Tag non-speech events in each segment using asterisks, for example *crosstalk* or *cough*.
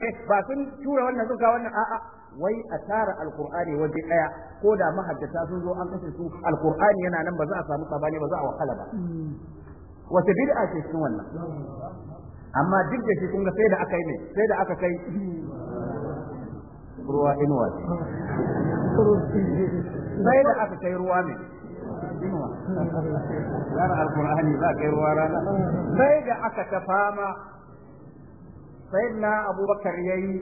Eh, ba sun tura wannan suka wannan a'a wai a tara alqur'ani waje daya ko da mahaddata sun zo an kashe su alqur'ani yana nan ba za a samu sabani ba za a wahala ba wace bid'a ce cikin wannan amma duk da shi kun ga sai da aka yi ne sai da aka kai ruwa inuwa sai da aka kai ruwa ne inuwa za kai ruwa rana sai da aka ta fama sayyidina abubakar yayi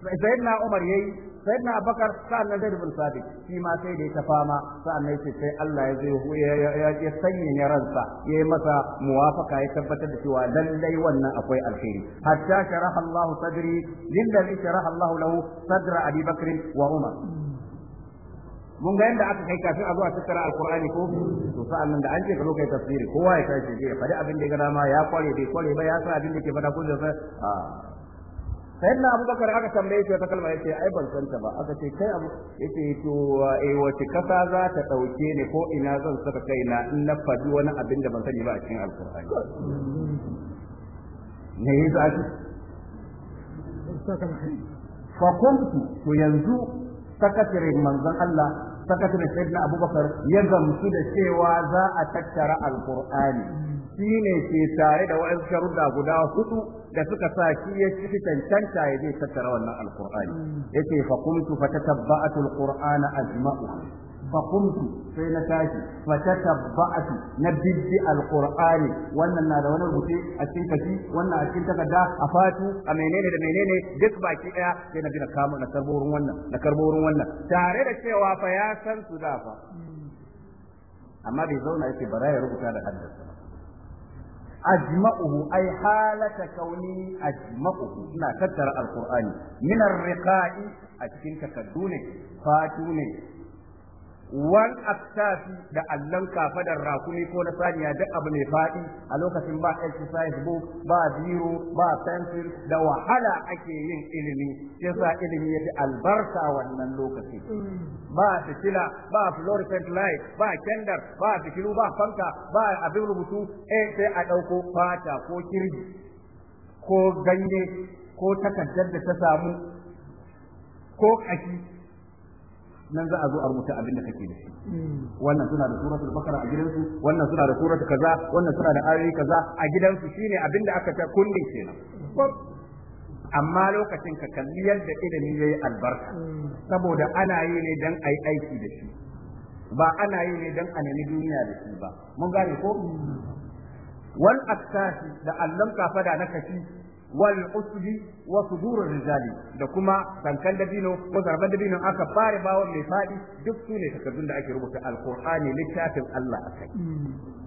sayyidina umar yayi sayyidina abubakar sa'annan zaid bin sabit shi ma sai da ta fama sa'annan yace sai Allah ya zai ya sanya ransa yayi masa muwafaka ya tabbatar da cewa lallai wannan akwai alheri hatta sharaha Allah sadri lillazi sharaha Allah lahu sadra Abi Bakr wa Umar mun ga yadda aka kai kafin a zuwa tattara alkur'ani ko to sa'an nan da an ce ka zo kai tafsiri kowa ya tashi ya faɗi abin da ya gada ma ya kware bai kware ba ya san abin da ke faɗa ko da a na Abu Bakar aka tambaye shi ta kalma yace ai ban ta ba aka ce kai abu yace to eh wace kasa za ta dauke ni ko ina zan saka na in na faɗi wani abin da ban sani ba a cikin alkur'ani ne ki fa kuntu to yanzu sakatirin manzon Allah sakatare sayyidina abubakar ya gamsu da cewa za a tattara shi shine ke tare da wa'in sharuda guda hudu da suka sa shi ya ci cancanta ya zai tattara wannan alqur'ani hmm. yace fa kuntu fatatabba'atu alqur'ana ajma'u فقمت sai na tashi fa tatabba'atu na biddi alqur'ani wannan na da wani rubuce a cikin kashi a cikin takarda a fatu a menene da menene duk baki daya sai na bi na karbo wurin wannan tare da cewa fa ya san su da fa amma bai zauna yake bara ya rubuta da hannunsa أجمعه أي حالة كوني أجمعه ina tattara القرآن من الرقاء أتكين تكدوني فاتوني wan aktafi da allon kafadar rakumi ko na saniya duk abu mai faɗi a lokacin ba exercise book ba biro ba pencil da wahala ake yin ilimi sa ilimi ya fi albarka wannan lokaci ba fitila ba fluorescent light ba kendar ba fitilu ba fanka ba abin rubutu eh sai a ɗauko fata ko kirji ko ganye ko takardar da ta samu ko kashi nan za a zo a rubuta abin da kake da shi hmm. wannan suna da suratul bakara a gidansu wannan suna da suratul kaza wannan suna da ayoyi kaza a gidansu shine abin da aka ta kullin kenan amma lokacin ka kalli yadda ilimi yayi albarka hmm. saboda ana yi ne dan ayi aiki da shi ba ana yi ne dan a nemi duniya da shi ba mun gane ko hmm. wal aksasi da allon kafada na kashi wal usbi wa sudur rijali da kuma dankan dabino ko zarban dabino aka fare bawon mai fadi duk su ne takardun da ake rubuta alqur'ani littafin Allah akai hmm.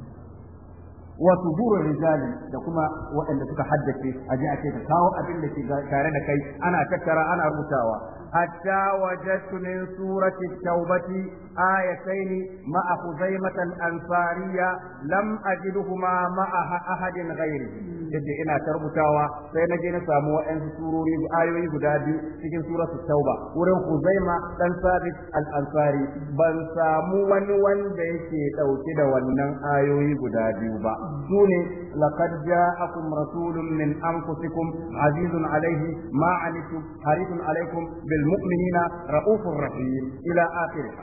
wa tuburu rijali da kuma waɗanda suka haddace a ji a ce kawo abin da ke tare da kai ana tattara ana rubutawa hatta wajadtu min surati tawbati ayatayn ma'a khuzaimah al-ansariya lam ajiduhuma ma'a ahadin ghayri yace ina tarbutawa sai na je na samu waɗansu surori ayoyi guda biyu cikin suratu tauba wurin Huzaima dan Sabit al-Ansari ban samu wani wanda yake dauke da wannan ayoyi guda biyu ba sune laqad ja'akum rasulun min anfusikum azizun alayhi ma anitum harisun alaykum bil mu'minina raufur rahim ila akhirih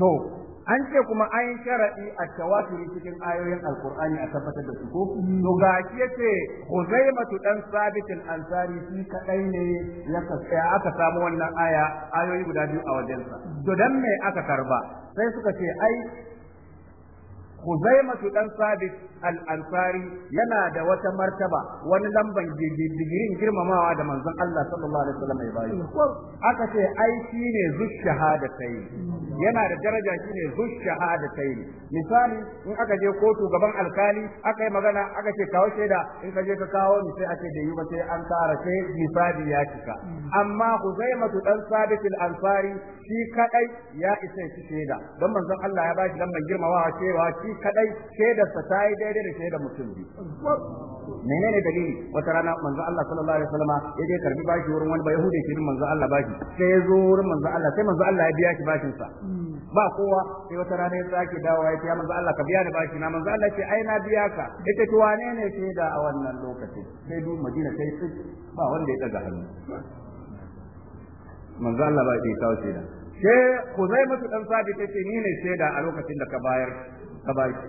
to an ce kuma ayin shara'i a tawasiri cikin ayoyin alkur'ani a tabbatar da su ko to ga shi yace Huzaimatu dan sabitin al-Ansari shi kadai ne ya kasaya aka samu wannan aya ayoyi guda biyu a wajensa to dan me aka karba sai suka ce ai Huzaimatu dan Sabit al yana da wata martaba wani lamban digirin girmamawa da manzon Allah sallallahu alaihi wasallam ya bayi aka ce ai shine zush shahadatai yana da daraja shine zush shahadatai misali in aka je kotu gaban alkali aka yi magana aka ce kawo shaida in ka je ka kawo ni sai a ce da yi ba sai an tsara sai misali ya cika amma Huzaimatu dan Sabit alfari shi kadai ya isa shi shaida don manzon Allah ya bashi lamban girmamawa cewa shi kadai shaidarsa ta yi daidai da shaidar mutum biyu menene dalili wata rana manzo Allah sallallahu alaihi wasallam ya je karbi bashi wurin wani bayahudi shi manzo Allah bashi sai ya zo wurin manzo Allah sai manzo Allah ya biya shi bashin sa ba kowa sai wata rana ya sake dawowa ya ce manzo Allah ka biya ni bashi na manzo Allah ce ai na biya ka yake to wane ne shaida a wannan lokacin sai duk Madina sai ba wanda ya daga hannu manzo Allah ba ya kawo shaida sai Khuzaimatu dan ta ce ni ne shaida a lokacin da ka bayar ka bayar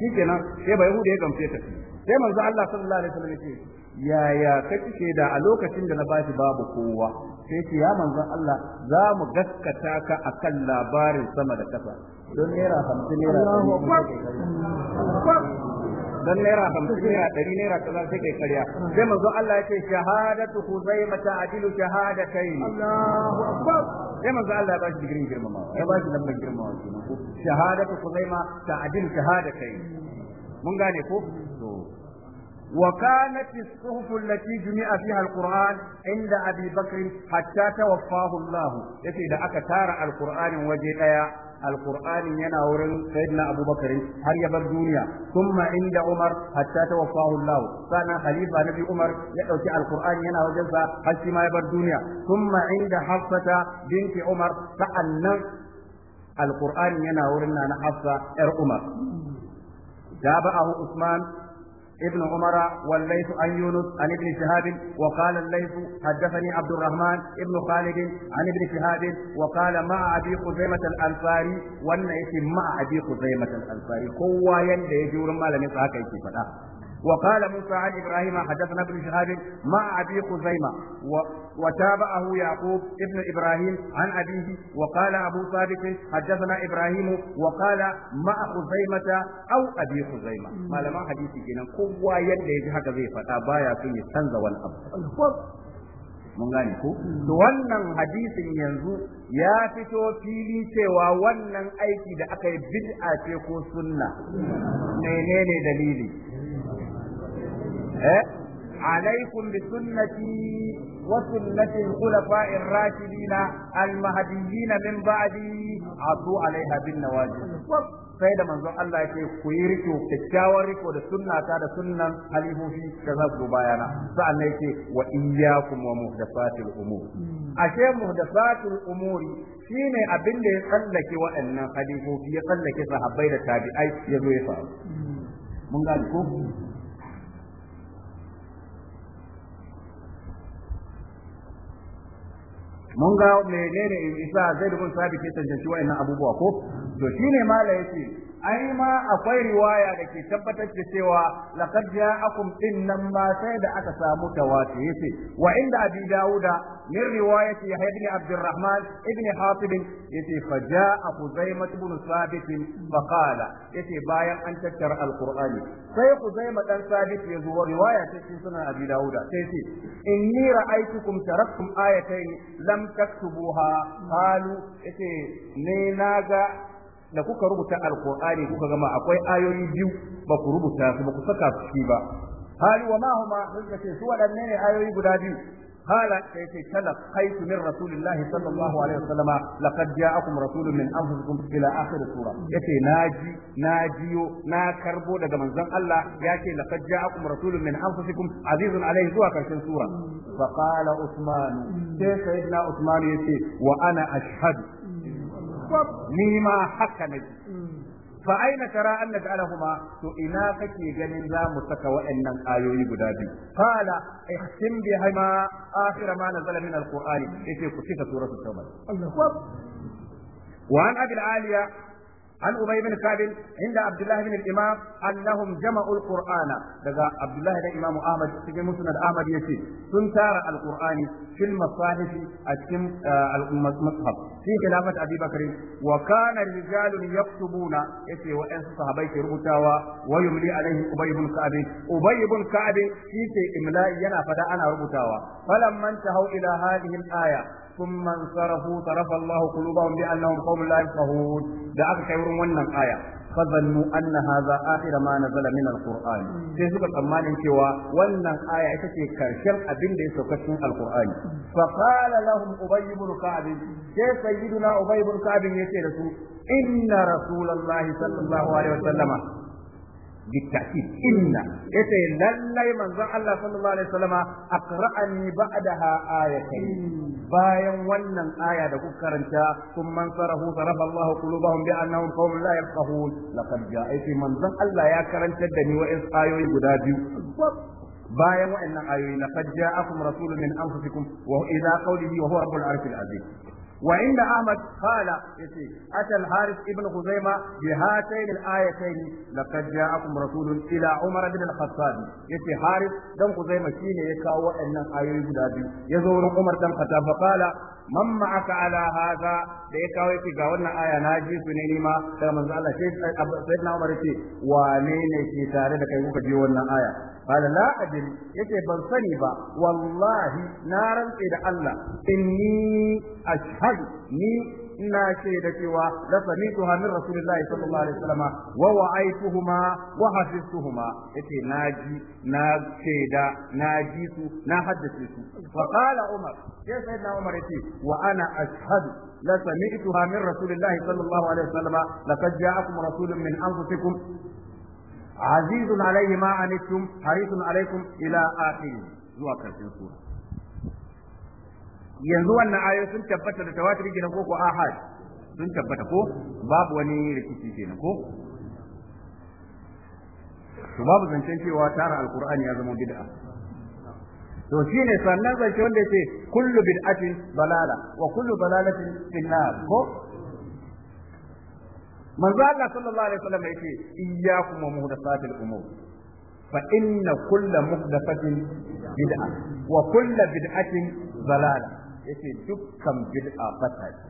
shikenan sai ba yahuda ya gamfe ta sai manzo Allah sallallahu alaihi wasallam ce ya ya kace kake da a lokacin da na bashi babu kowa sai ce ya manzo Allah za mu gaskata ka akan labarin sama da kasa don naira 50 naira don naira 50 naira ɗari naira kaza sai kai karya sai manzo Allah ya ce shahadatu huzaima adilu shahadatayn Allahu sai manzo Allah ya bashi digirin girmama ya bashi lambar girmama shi shahada kai mun gane ko to wa kanat as-suhuf allati jumi'a fiha inda Abi Bakr hatta tawaffahu Allah yake da aka tara al waje ɗaya? alqur'ani yana wurin sayyidina abubakar har ya bar duniya kuma inda umar hatta tawaffahu allah sana khalifa nabi umar ya ɗauki alqur'ani yana wajen sa har shi ya bar duniya kuma inda hafsata binti umar sa'annan alqur'ani yana wurin nana hafsa yar umar تابعه Usman? ابن عمر والليث عن يونس عن ابن شهاب وقال الليث حدثني عبد الرحمن ابن خالد عن ابن شهاب وقال مع ابي خزيمة الانصاري وانا مع ابي خزيمة الانصاري هو يندي يجور مالا نسعك يكي وقال موسى عن ابراهيم حدثنا ابن شهاب مع ابي خزيمه وتابعه يعقوب ابن ابراهيم عن ابيه وقال ابو ثابت حدثنا ابراهيم وقال مع خزيمه او ابي خزيمه ما لما حديثي كنا قوة يد يجي هكذا زي فتا بايا في سنز والأب mun gane ko to wannan hadisin yanzu ya fito fili cewa wannan aiki da aka yi bid'a ce ko sunna menene dalili Eh? عليكم بسنتي وسنة الخلفاء الراشدين المهديين من بعدي عضوا عليها بالنواجذ sai da manzon Allah yake ku yi riko kyakkyawar riko da sunna ta da sunnan halifofi da za su bayana sa'annan yake wa iyyakum wa muhdathatil umur ashe muhdathatul umuri shine abin da ya tsallake waɗannan halifofi ya tsallake sahabbai da tabi'ai ya zo ya mun gane ko mun ga menene isa zai dubun sabit ya tantance wa'annan abubuwa ko to shine mala yace ai ma akwai riwaya da ke tabbatar da cewa laqad ja'akum innan ma sai da aka samu ta yace wa inda abi dauda min riwayati yahya ibn abdurrahman ibn hatib yace fa ja'a khuzaimah ibn sabit fa qala yace bayan an tattara alqur'ani sai huzaima dan sabit ya zo riwaya ta cikin sunan abi dauda sai yace inni ra'aytukum taraktum ayatayn lam taktubuha qalu yace ne naga da kuka rubuta alqur'ani kuka gama akwai ayoyi biyu ba ku rubuta su ba ku saka su ci ba hali wa ma huma sun ce su waɗanne ne ayoyi guda biyu قال تلقيت من رسول الله صلى الله عليه وسلم لقد جاءكم rasulun min انفسكم الى اخر السوره yace naji najiyo na karbo daga manzon Allah yace laqad ja'akum rasulun min anfusikum azizun alayhi zuwa karshen sura fa qala usman sai sayyidina usman yace wa ana ashhadu ni ma haka nake mm. fa aina tara an naj'alahuma to ina kake ganin za mu saka waɗannan ayoyi guda biyu qala ihtim bihima akhir ma nazala min alqur'ani yace ku cika suratul tauba Allahu وعن ابي العاليه عن أبي بن كعب عند عبد الله بن الإمام أنهم جمعوا القرآن لذا عبد الله بن الإمام أحمد في مسند أحمد يسي سنتار القرآن في المصاحف أتم المصحف في خلافة أبي بكر وكان رجال يكتبون يسي وإنس صحابيك ربطاوا ويملي عليه أبي بن كعب أبي بن كعب يسي إملاء ينا فدا أنا ربطاوا فلما انتهوا إلى هذه الآية thumma sarafu sarafa Allahu qulubahum bi annahum qaumun la da aka kai wurin wannan aya Kazannu, annaha, hadha akhir ma nazala min alquran sai suka tsammanin cewa wannan aya ita ce karshen abin da ya sauka cikin alqurani fa qala lahum ubay ibn ka'b sai sayyiduna ubay ibn ka'b yace da su inna rasulullahi sallallahu alaihi wasallama بالتأكيد إن يتي للي من ذا الله صلى الله عليه وسلم أقرأني بعدها آيتين باين ونن آية كرنتا ثم انصره ضرب الله قلوبهم بأنهم قوم لا يفقهون لقد جاءت من ذا الله يا كرنتا دني وإذ آيوي قدابي bayan wa'annan ayoyi laqad ja'akum rasulun min anfusikum wa ila qawlihi wa huwa rabbul arshil azim وعند أحمد قال أتى الحارث ابن خزيمة بهاتين الآيتين لقد جاءكم رسول إلى عمر بن الخطاب يتي حارث دم خزيمة شين يكاو أن آيوي بلادي يزور عمر بن الخطاب فقال من معك على هذا ليكاو يتي قاولنا آية ناجي سنيني ما كما الله سيدنا عمر يتي وانين يتي تاري لكي يوكا جيونا آية قال لا أدري يتي بنصني با والله نارا إلى الله إني أشهد ني إنا شهد سوى لسمعتها من رسول الله صلى الله عليه وسلم ووعيتهما وحفظتهما يتي ناجي ناج شهد ناجيس نحدث فقال عمر كيف سيدنا عمر يتي وأنا أشهد لسمعتها من رسول الله صلى الله عليه وسلم لقد جاءكم رسول من أنفسكم azizun alaihi ma anittum harisun alaikum ila akhir zuwa karshen sura yanzu wannan ayoyi sun tabbata da tawatir kenan ko ko ahad sun tabbata ko babu wani rikici kenan ko to babu zancen cewa tara alqur'ani ya zama bid'a to shine sannan zance wanda yake kullu bid'atin balala wa kullu balalatin finnar ko manzo Allah sallallahu alaihi wasallam yace iyyakum wa muhdathatil umur fa inna kulla muhdathatin bid'a wa kulla bid'atin dalal yake dukkan bid'a fata ce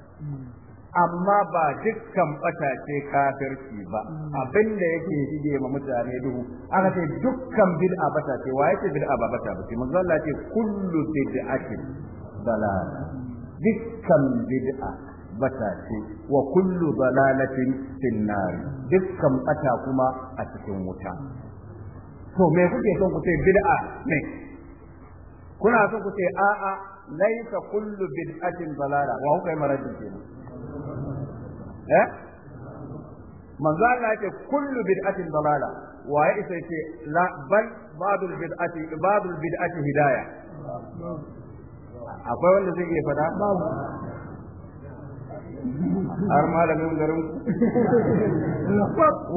amma ba dukkan fata ce kafirci ba abinda yake shige ma mutane duhu aka ce dukkan bid'a bata ce wa yake bid'a ba bata ba ce manzo Allah yake kullu bid'atin dalal dukkan bid'a tabbata ce wa kullu dalalatin fin nar dukkan bata kuma a cikin wuta to me kuke son ku ce bid'a ne kuna son ku ce a'a laisa kullu bid'atin dalala wa kuka maradin marajin eh manzo Allah ce kullu bid'atin dalala wa ya isa ce la bal babul bid'ati babul bid'ati hidayah akwai wanda zai iya fada har malamin garin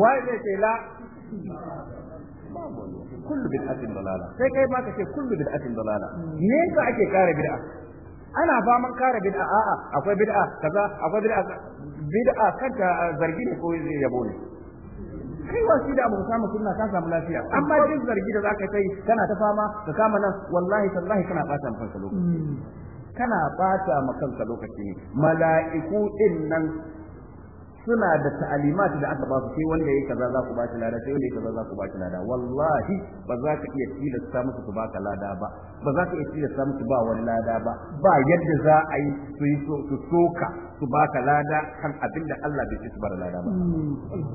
wai ne ce la kullu bid'atin dalala sai kai ma ce kullu bid'atin dalala me yasa ake kare bid'a ana faman kare bid'a a'a akwai bid'a kaza akwai bid'a bid'a kanta zargi ne ko yabo ne kai wasu da abu samu sunna ka samu lafiya amma duk zargi da zaka kai kana ta fama ka kama nan wallahi tallahi kana fata maka lokaci kana bata ma kanka lokaci ne mala'iku din nan suna da ta'alimat da aka ba su sai wanda yake kaza za ku ba shi lada sai wanda yake kaza za ku ba shi lada wallahi ba za ka iya tilasta musu su baka lada ba ba za ka iya tilasta musu ba wani lada ba ba yadda za a yi su yi su soka su baka lada kan abin da Allah bai su bar lada ba hmm.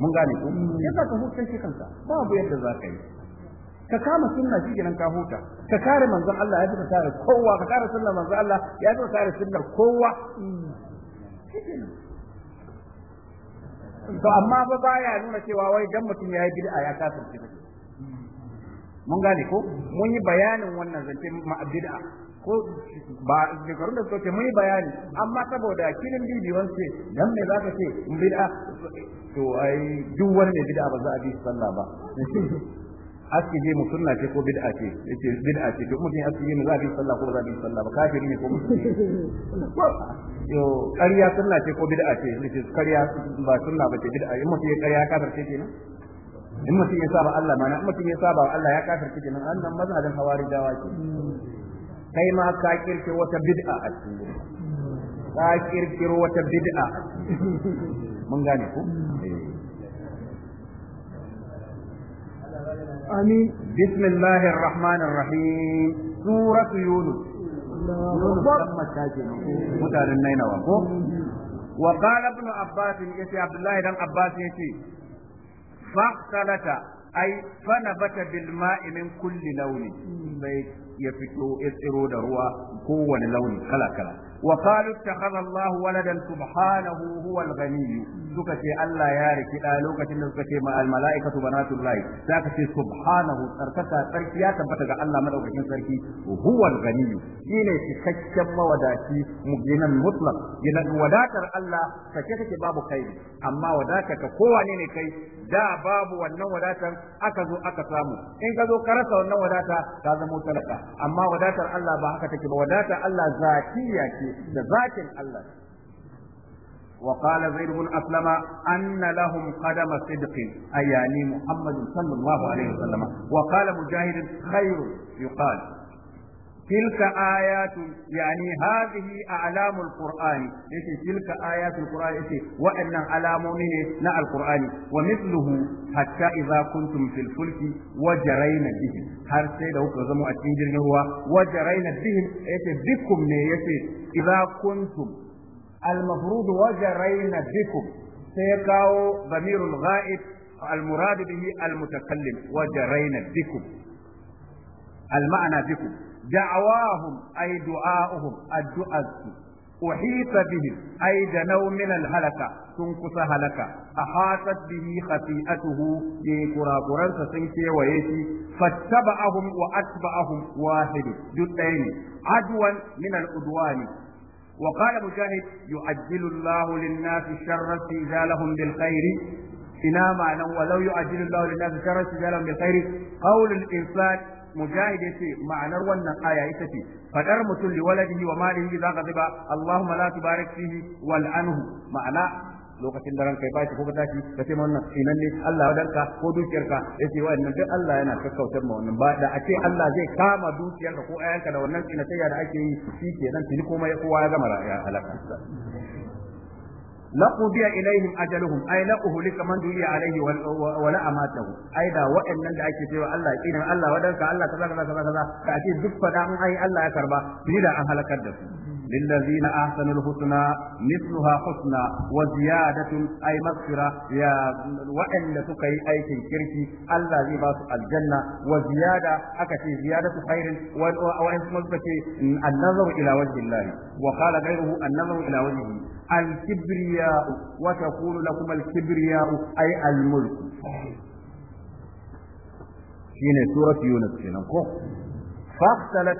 mun gane ku hmm. yadda ka hukunce kanka babu yadda za ka yi ka kama sunna shi kenan ka huta ka kare manzon Allah ya fi ka kare kowa ka kare sunna manzon Allah ya fi ka kare sunnar kowa to amma ba baya nuna cewa wai dan mutum ya yi bid'a ya kafirce ba mun gane ko mun yi bayanin wannan zance ma bid'a ko ba da da suka ce mun yi bayani amma saboda kirin bibi wance dan me zaka ce bid'a to ai duk wani bid'a ba za a bi sallah ba aski je musunna ce ko bid'a ce yace bid'a ce to mutum aski je za bi sallah ko ba za sallah ba kafiri ne ko musulmi *laughs* yo kariya sunna ce ko bid'a ce yace kariya ba sunna ba ce bid'a in mutum ya kariya kafir ce kenan in mutum ya saba Allah mana in mutum ya saba Allah ya kafir ce kenan annan mazhabin hawarijawa ce kai ma ka kirke wata bid'a a cikin ka kirkiro wata bid'a mun gane ko آمين بسم الله الرحمن الرحيم سورة يونس وقال ابن عباس يتي عبد الله بن عباس يتي فاختلت اي فنبت بالماء من كل لون ya fito ya tsiro da ruwa كلا launi وقالوا اتخذ الله ولدا سبحانه هو الغني suka ce Allah ya riki da lokacin da suka ce ma mala'ikatu banatul lahi zaka ce subhanahu tsarkaka tsarki ya tabbata ga Allah madaukakin sarki huwa alghani shine cikakken mawadaci gina mutlaq yana wadatar Allah kake kake babu kai amma wadatar ka kowane ne kai da babu wannan wadatar aka zo aka samu in ka zo ka rasa wannan wadata ka zama talaka amma wadatar Allah ba haka take ba wadatar Allah zatiya ce da zatin Allah وقال زيد بن أسلم أن لهم قدم صدق أي يعني محمد صلى الله عليه وسلم وقال مجاهد خير يقال تلك آيات يعني هذه أعلام القرآن يتي تلك آيات القرآن يتي وأن علامونه نا القرآن ومثله حتى إذا كنتم في الفلك وجرين بهم har sai da kuka zama a cikin jirgin ruwa wajaraina bihim yace bikum ne yace idza kuntum al-mafrud wajaraina bikum sai kawo zamirul ghaib al-murad bihi wajaraina da'awahum ay du'a'uhum addu'atu uhita bihim ay danaw min halaka sun kusa halaka ahatat bihi khati'atuhu bi kurakuran sa sun kewaye shi fattaba'ahum wa atba'ahum wahid duk ɗaya ne adwan min udwani وقال مجاهد يعجل الله للناس الشر استئذالهم بالخير ina ma'anan walau yu'ajjilu Allahu lin-nasi sharra istidalahum bil khair insan mujahid ce ma'anar wannan aya ita ce faɗar mutum li waladihi wa malihi za ka ziba Allahumma la tubarik ma'ana lokacin da ranka ya bashi ko ka tashi ka ce wannan sinan ne Allah wadanka ko dukiyarka yace wannan duk Allah yana kakkautar ma wannan ba da a ce Allah zai kama dukiyarka ko ayanka da wannan sinatayya da ake yi shi kenan tuni komai kowa ya gama halaka لقضي إليهم أجلهم أي لقه لك من دولي عليه ولا أماته أي دا وإن من دعيك سوى الله إن الله ودنك الله كذا كذا كذا كذا تأتي الزفة دعم أي الله يكربا بلا أهلك الدفن للذين أحسنوا الحسنى مثلها حسنى وزيادة أي مغفرة يا وإن تكي أي كركي الله زي باس الجنة وزيادة أكتي زيادة خير وإن تكي النظر إلى وجه الله وقال غيره النظر إلى وجهه الكبرياء وتقول لكم الكبرياء أي الملك شيني سورة يونس كنا فاختلف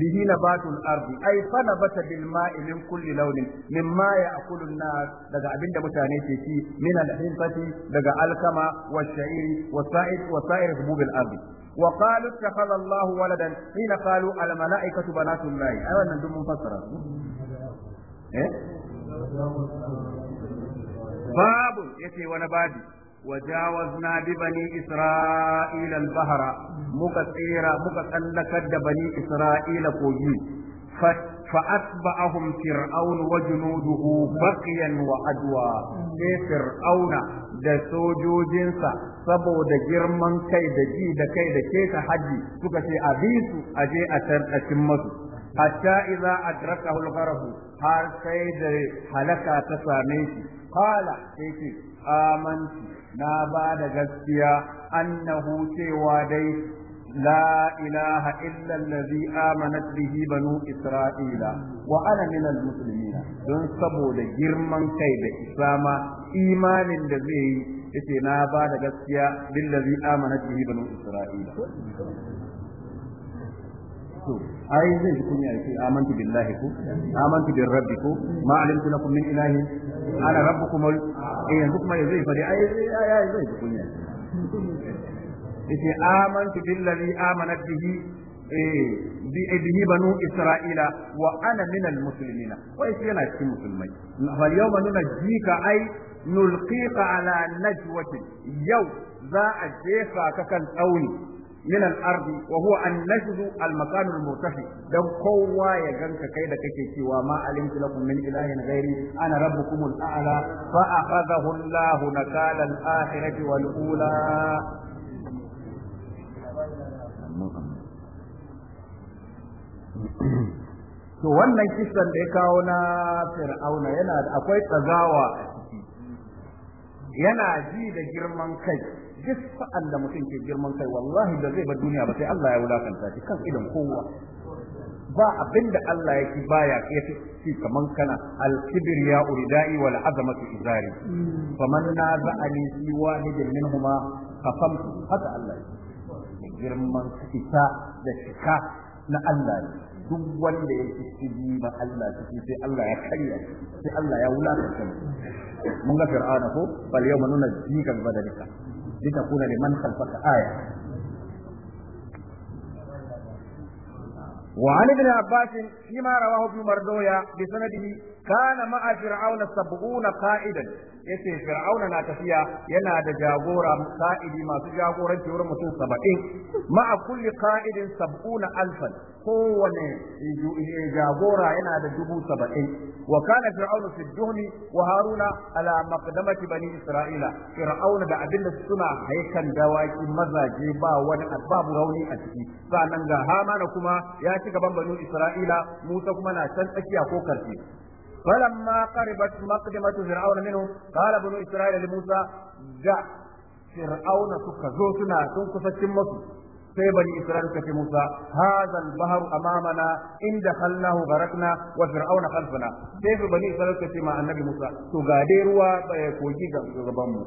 به نبات الأرض أي فنبت بالماء من كل لون مما يأكل الناس لقى أبن متانيتي من الحنطة لقى الكما والشعير وسائر, وسائر حبوب الأرض وقالوا اتخذ الله ولدا حين قالوا الملائكة بنات الله أولا أيوة دم مفسرة إيه؟ باب يتي ونبادي وجاوزنا ببني إسرائيل البحر مكثيرا مكثلكت بني إسرائيل كوجي فأتبعهم فرعون وجنوده بقيا وعدوا sai fir'auna da sojojinsa saboda girman kai da ji da kai da keta haji suka ce a bi su a je a tarɗacin masu hatta idza a al-gharq har sai da halaka ta same shi qala sai ce amantu na ba da gaskiya annahu cewa dai la ilaha illa allazi amanat bihi banu isra'ila wa ana min almuslimin don saboda girman kai da islama imanin da zai yi yace na ba da gaskiya billazi amanat bihi banu isra'ila to ai zai kunya yace amantu billahi ku amantu bir rabbi ku ma alimtu lakum min ilahin ana rabbukum eh yanzu kuma zai fadi ai ai zai ji kunya yace amantu billazi amanat bihi eh bihi banu isra'ila wa ana min almuslimin wa yace yana cikin musulmai fal yawma nunajjika ai nulqika ala najwatin yau za a jefa ka kan tsauni min al-ardi wa huwa an-najdu al-makan al-murtafi dan kowa ya ganka kai da kake cewa ma alimtu lakum min ana rabbukum al-a'la fa akhadhahu Allah nakala al-akhirati wal-ula to wannan kisan da ya kawo na fir'auna yana akwai tsagawa a ciki yana ji da girman kai duk sa'an da mutum ke girman kai wallahi da zai bar duniya ba sai Allah ya wulakanta shi kan idan kowa ba abin da Allah yake baya ya fi kaman kana al-kibr ya uridai wal azamatu izari faman naza'ani fi wahidin minhuma kafamtu haka Allah yake girman kita da shika na Allah ne duk wanda ya ci ba Allah ciki sai Allah ya karya sai Allah ya wulakanta mun ga fir'auna ko bal yawma nunajjika bi badalika لتكون لمن خلفك آية وعن ابن عباس فيما رواه ابن مردويا بسنده kana ma'a fir'auna sab'una qa'idan yace fir'auna na tafiya yana da jagora qa'idi masu jagoranci wurin mutum 70 ma'a kulli qa'idin sab'una alfan kowane eh, jagora yana da dubu saba'in wa kana fir'auna fi juhni wa haruna ala maqdamati bani isra'ila fir'auna da abinda suna haikan dawaki mazaje ba wani babu rauni a ciki sanan ga hamana kuma ya ci gaban bani isra'ila musa kuma na can tsakiya ko karfi فلما قربت مقدمة فرعون منه قال بنو إسرائيل لموسى جاء فرعون سكزوتنا سنكسة مصر sai bani Isra'il kace Musa hadha al amamana in dakhalnahu gharakna wa fir'auna khalfana sai bani Isra'il kace ma annabi Musa to ga dai ruwa bai kogi ga gaban mu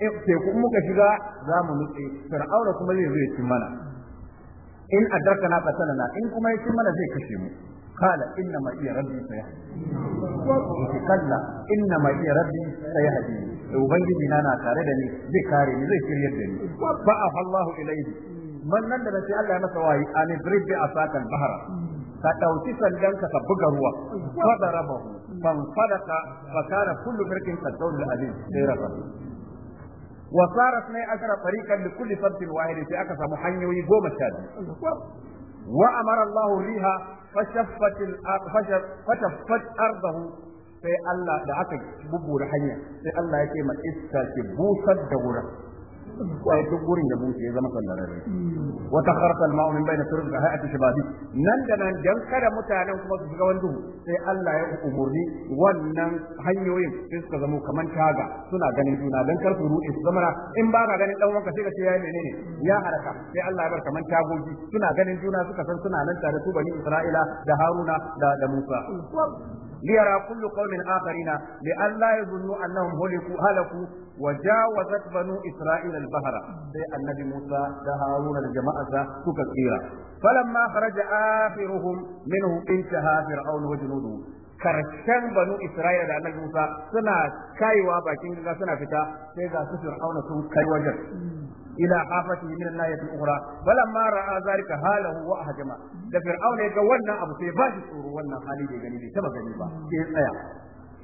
in muka shiga za mu nutse fir'auna kuma zai zo ya cin mana in na in kuma ya ci mana zai kashe mu kala inna ma iya rabbi yace kalla inna ma iya rabbi sayahdi ubangiji na na tare da ni zai kare ni zai shiryar da ni fa fallahu ilaihi man nan da nace Allah ya masa wayi an ibrib bi asakan bahara ka dauki sandanka ka buga ruwa fa darabahu fan sadaka fa kana kullu firqin qadawl alim sai rafa wa sara 12 fariqan li kulli farqin wahid sai aka samu hanyoyi goma sha biyu وأمر الله ريها فشفت فشفت أرضه sai Allah da aka bubbura hanya sai Allah ya ce ma iska ki busar da wurin waye duk gurin da mutu ya zama sallarare wa takharqa al-ma'u min bayna turub ka hay'ati shababi nan da nan dan kada mutanen kuma su shiga wani sai Allah ya umurni wannan hanyoyin sai suka zama kaman taga suna ganin juna dan kar su ruɗe su zama in ba ka ganin dan wanka sai ka ce yayi menene ya haraka sai Allah ya bar kaman tagogi suna ganin juna suka san suna nan tare su bani Isra'ila da Haruna da da Musa kullu كل قوم آخرين لئلا يظنوا أنهم هلكوا halaku. وجاوزت بنو إسرائيل البحر سي النبي موسى هارون الجماعة تكثيرا فلما خرج آخرهم منه انتهى فرعون وجنوده karshen banu Isra'ila da annabi Musa suna kaiwa bakin gaga suna fita sai ga su Fir'auna sun kai wajen ila hafati min an-nayat al-ukhra falamma ra'a zalika halahu wa ahjama da Fir'auna ga wannan abu sai ba shi tsoro wannan hali da gani bai taba gani ba sai tsaya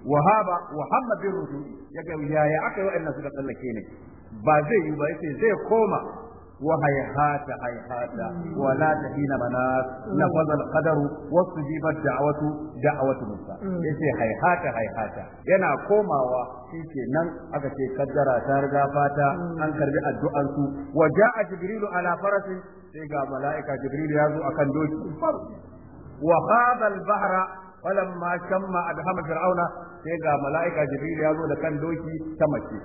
wahaba Muhammad bin rujui ya ga yaya aka yi wa'annan suka tsallake ne ba zai yi ba yace zai koma wa hayhata hayhata wa la tahina manat na fadal qadaru wa sujibat da'watu da'watu musa yace hayhata hayhata yana komawa shike nan aka ce kaddara ta riga fata an karbi addu'an su wa ja'a jibrilu ala farasi, sai ga mala'ika jibrilu ya zo akan doki wa khadha al-bahra falamma shamma adhama fir'auna sai ga mala'ika jibril ya zo da kan doki ta mace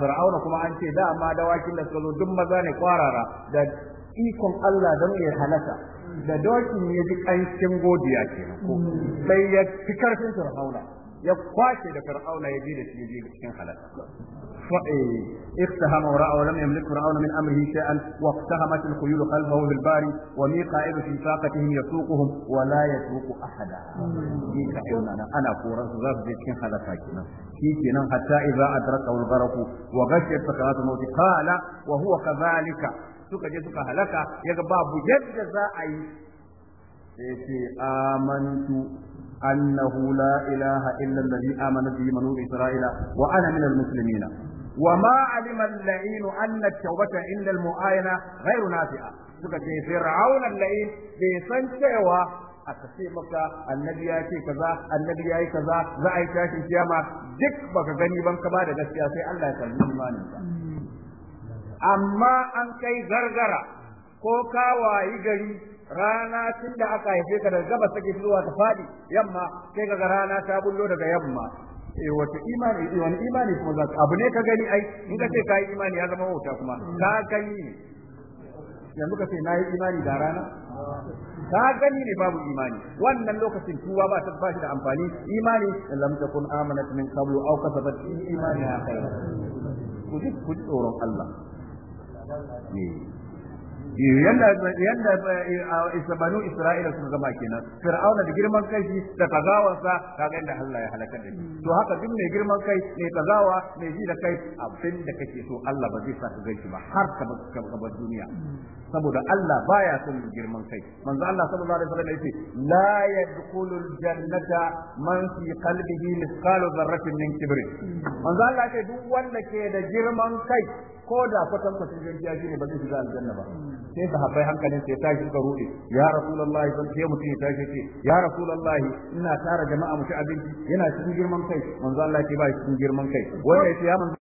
fir'auna kuma an ce da amma dawakin da suka duk maza ne kwarara da ikon Allah don ya halaka da dokin ya ji kanshin godiya kenan sai ya fi karfin fir'auna ya kwashe da fir'auna ya bi da shi bi cikin halal fa eh, ihtahama wa ra'a lam yamlik fir'auna min amrihi shay'an wa ihtahama al khuyul qalbahu bil bari wa mi qa'ib fi saqatihim yasuquhum wa la yasuqu ahada bi ka'ina ana koran su je cikin halal kenan shi kenan hatta idza adraka al baraku wa ghashiyat sakarat al maut qala wa huwa kadhalika suka je suka halaka yaga babu yadda za a yi sai sai amantu أنه لا إله إلا الذي آمن به بنو إسرائيل وأنا من المسلمين وما علم اللعين أن التوبة عند المؤاينة غير نافعة suka ce fir'auna la'in bai san cewa aka kace annabi ya ce kaza annabi ya yi kaza za a yi tashin kiyama duk baka gani ban ka ba da gaskiya sai Allah ya kalli ka amma an kai zargara ko ka wayi gari rana tun da aka haife ka daga gabas take zuwa ta fadi yamma sai kaga rana ta bullo daga yamma eh wato imani wani imani kuma za abu ne ka gani ai in ka ce ka yi imani ya zama wuta kuma ka gani yanzu ka ce na yi imani da rana ka gani ne babu imani wannan lokacin tuwa ba ta bashi da amfani imani lam takun amanat min qablu aw kasabat imani ya kai ku ji ku tsoron Allah ne eh. yanda yanda eh, isbanu isra'ila suka gama kenan fir'auna da girman kai shi da kazawarsa kaga inda Allah ya halaka da shi to haka duk mai girman kai mai kazawa mai ji da kai abin da kake so Allah ba zai sa ka gaishe ba har ka ba duniya saboda Allah baya son girman kai manzo Allah sallallahu alaihi wasallam yace la yadkhulul jannata man fi qalbihi mithqalu dharratin min kibrin manzo Allah yace duk wanda ke da girman kai ko da kwatan kwatan shi ne ba zai shiga aljanna ba sai sahabbai hankalin sai tashi suka rude ya rasulullahi sun ce mutum ya tashi ce ya rasulullahi ina tara jama'a mu ci abinci yana cikin girman kai manzo Allah ya ba shi cikin girman kai wanda ya ce ya manzo